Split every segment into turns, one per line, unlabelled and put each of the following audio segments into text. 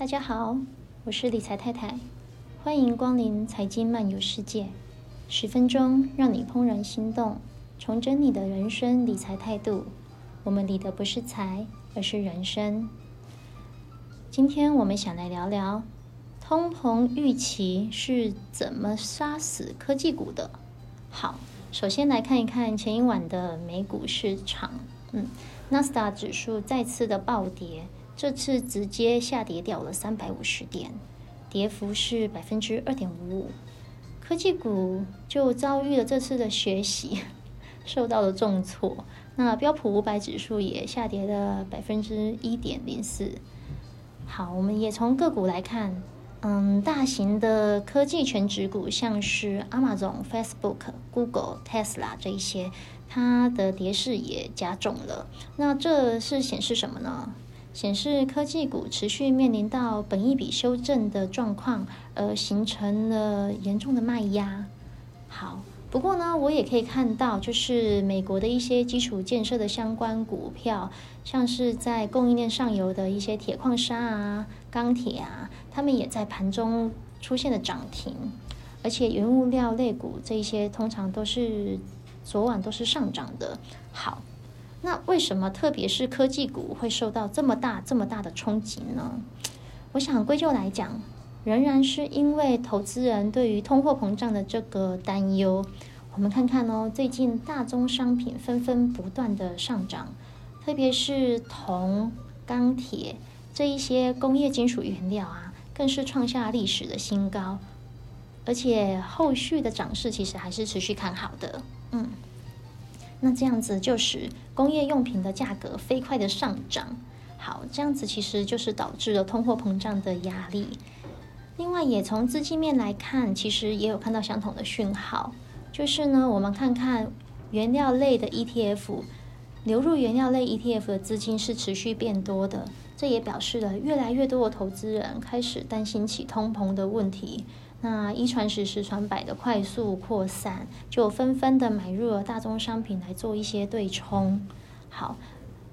大家好，我是理財太太，歡迎光臨財經漫遊世界。十分鐘讓你怦然心動，重整你的人生理財態度。我們理的不是財，而是人生。今天我們想來聊聊通膨預期是怎麼殺死科技股的？好，首先來看一看前一晚的美股市場。嗯，納斯達克指數再次的暴跌。這次直接下跌掉了三百五十點，跌幅是百分之二點五五。科技股就遭遇了這次的血洗，受到了重挫。那標普五百指數也下跌了百分之一點零四。好，我們也從個股來看，嗯，大型的科技權值股像是 Amazon、Facebook、Google、Tesla 這一些，它的跌勢也加重了。那這是顯示什麼呢？顯示科技股持續面臨到本益比修正的狀況，而形成了嚴重的賣壓。好，不過呢，我也可以看到，就是美國的一些基礎建設的相關股票，像是在供應鏈上游的一些鐵礦砂啊、鋼鐵啊，他們也在盤中出現了漲停。而且，原物料類股這一些，通常都是昨晚都是上漲的。好。那為什麼特別是科技股會受到這麼大這麼大的衝擊呢？我想歸咎來講，仍然是因為投資人對於通貨膨脹的這個擔憂。我們看看哦，最近大宗商品紛紛不斷的上漲，特別是銅、鋼鐵這一些工業金屬原料啊，更是創下歷史的新高，而且後續的漲勢其實還是持續看好的。嗯。那這樣子就使工業用品的價格飛快的上漲，好，這樣子其實就是導致了通貨膨脹的壓力。另外，也從資金面來看，其實也有看到相同的訊號，就是呢，我們看看原料類的 ETF，流入原料類 ETF 的資金是持續變多的，這也表示了越來越多的投資人開始擔心起通膨的問題。那一傳十，十傳百的快速擴散，就紛紛的買入了大宗商品來做一些對沖。好，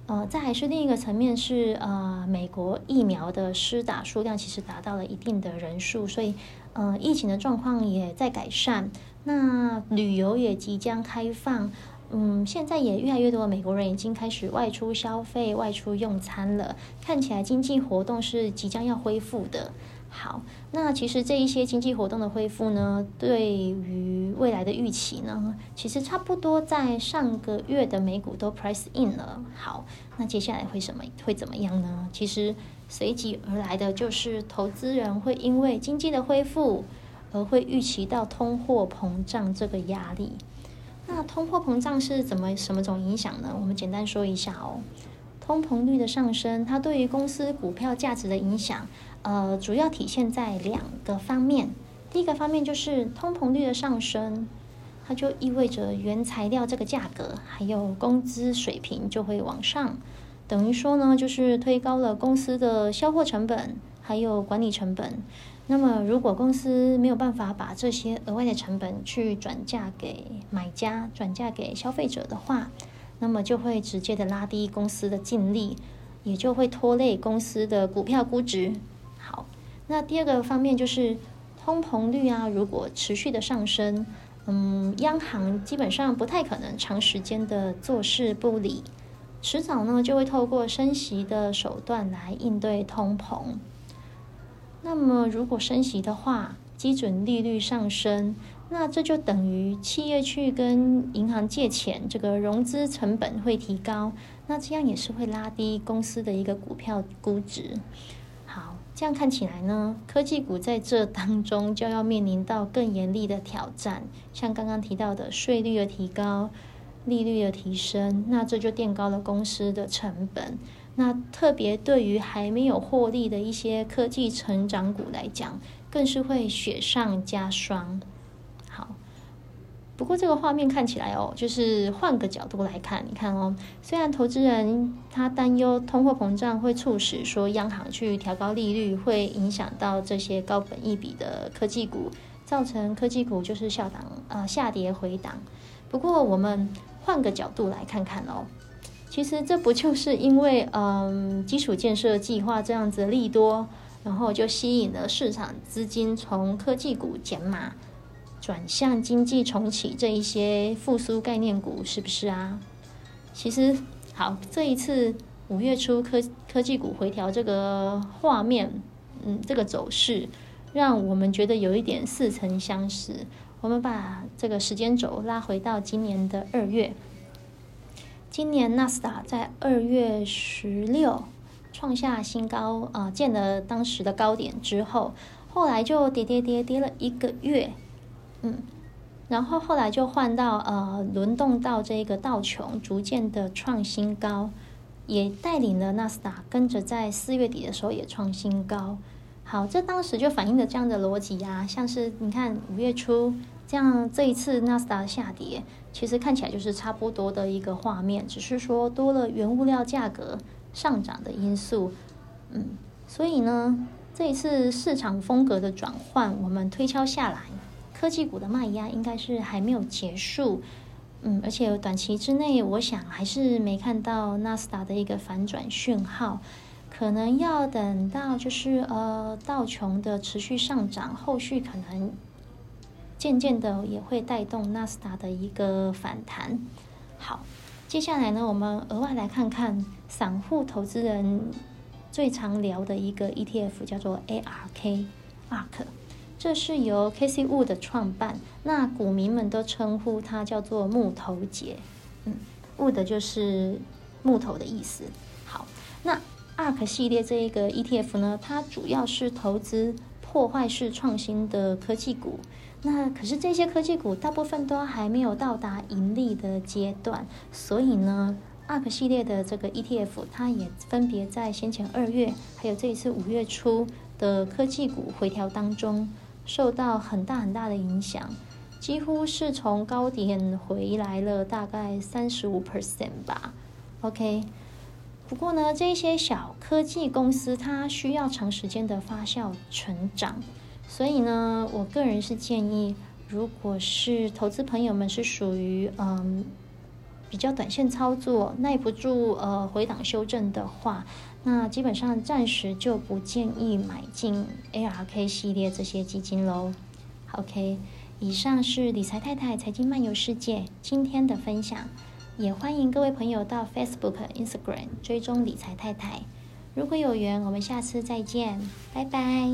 呃，再還是另一個層面是，呃，美國疫苗的施打數量其實達到了一定的人數，所以，呃，疫情的狀況也在改善。那旅游也即將開放，嗯，現在也越來越多的美國人已經開始外出消費、外出用餐了，看起來經濟活動是即將要恢復的。好，那其實這一些經濟活動的恢復呢，對於未來的預期呢，其實差不多在上個月的美股都 price in 了。好，那接下來會什麼會怎麼樣呢？其實隨即而來的就是投資人會因為經濟的恢復而會預期到通貨膨脹這個壓力。那通貨膨脹是怎麼什麼種影響呢？我們簡單說一下哦。通膨率的上升，它對於公司股票價值的影響。呃，主要體現在兩個方面。第一個方面就是通膨率的上升，它就意味着原材料這個價格還有工資水平就會往上，等於說呢，就是推高了公司的銷貨成本還有管理成本。那麼如果公司沒有辦法把這些額外的成本去轉嫁給買家、轉嫁給消費者的話，那麼就會直接的拉低公司的淨利，也就會拖累公司的股票估值。那第二個方面就是通膨率啊，如果持續的上升，嗯，央行基本上不太可能長時間的坐視不理，遲早呢就會透過升息的手段來應對通膨。那麼如果升息的話，基準利率上升，那這就等於企業去跟銀行借錢，這個融資成本會提高，那這樣也是會拉低公司的一個股票估值。這樣看起來呢，科技股在這當中就要面臨到更嚴厲的挑戰，像剛剛提到的稅率的提高、利率的提升，那這就墊高了公司的成本。那特別對於還沒有獲利的一些科技成長股來講，更是會雪上加霜。不過這個畫面看起來哦，就是換個角度來看，你看哦，雖然投資人他擔憂通貨膨脹會促使說央行去調高利率，會影響到這些高本益比的科技股，造成科技股就是下檔呃，下跌回檔。不過我們換個角度來看看哦，其實這不就是因為嗯基礎建設計劃這樣子利多，然後就吸引了市場資金從科技股減碼，轉向經濟重啟這一些復甦概念股，是不是啊？其實，好，這一次五月初科科技股回調這個畫面，嗯，這個走勢，讓我們覺得有一點似曾相識。我們把這個時間軸拉回到今年的二月，今年納斯達克在二月十六創下新高啊，呃，見了當時的高點之後，後來就跌跌跌跌了一個月。嗯，然後後來就換到呃輪動到這個道瓊，逐漸的創新高，也帶領了納斯達跟着在四月底的時候也創新高。好，這當時就反映了這樣的邏輯呀、啊。像是你看五月初這樣這一次納斯達下跌，其實看起來就是差不多的一個畫面，只是說多了原物料價格上漲的因素。嗯，所以呢這一次市場風格的轉換，我們推敲下來。科技股的賣壓應該是還沒有結束，嗯，而且短期之內，我想還是沒看到納斯達的一個反轉訊號，可能要等到就是呃道瓊的持續上漲，後續可能漸漸的也會帶動納斯達的一個反彈。好，接下來呢，我們額外來看看散戶投資人最常聊的一個 ETF，叫做 ARK，ARK。ARK 這是由 Casey Wood 創辦，那股民們都稱呼她叫做木頭姐，嗯，Wood 就是木頭的意思。好，那 Ark 系列這一個 ETF 呢，它主要是投資破壞式創新的科技股。那可是這些科技股大部分都還沒有到達盈利的階段，所以呢，Ark 系列的這個 ETF，它也分別在先前二月，還有這一次五月初的科技股回調當中。受到很大很大的影響，幾乎是從高點回來了，大概三十五 percent 吧。OK，不過呢，這些小科技公司它需要長時間的發酵成長，所以呢，我個人是建議，如果是投資朋友們是屬於嗯。比較短線操作耐不住，呃，回檔修正的話，那基本上暫時就不建議買進 ARK 系列這些基金嘍。OK，以上是理財太太財經漫遊世界今天的分享，也歡迎各位朋友到 Facebook 和 Instagram 追蹤理財太太。如果有緣，我們下次再見，拜拜。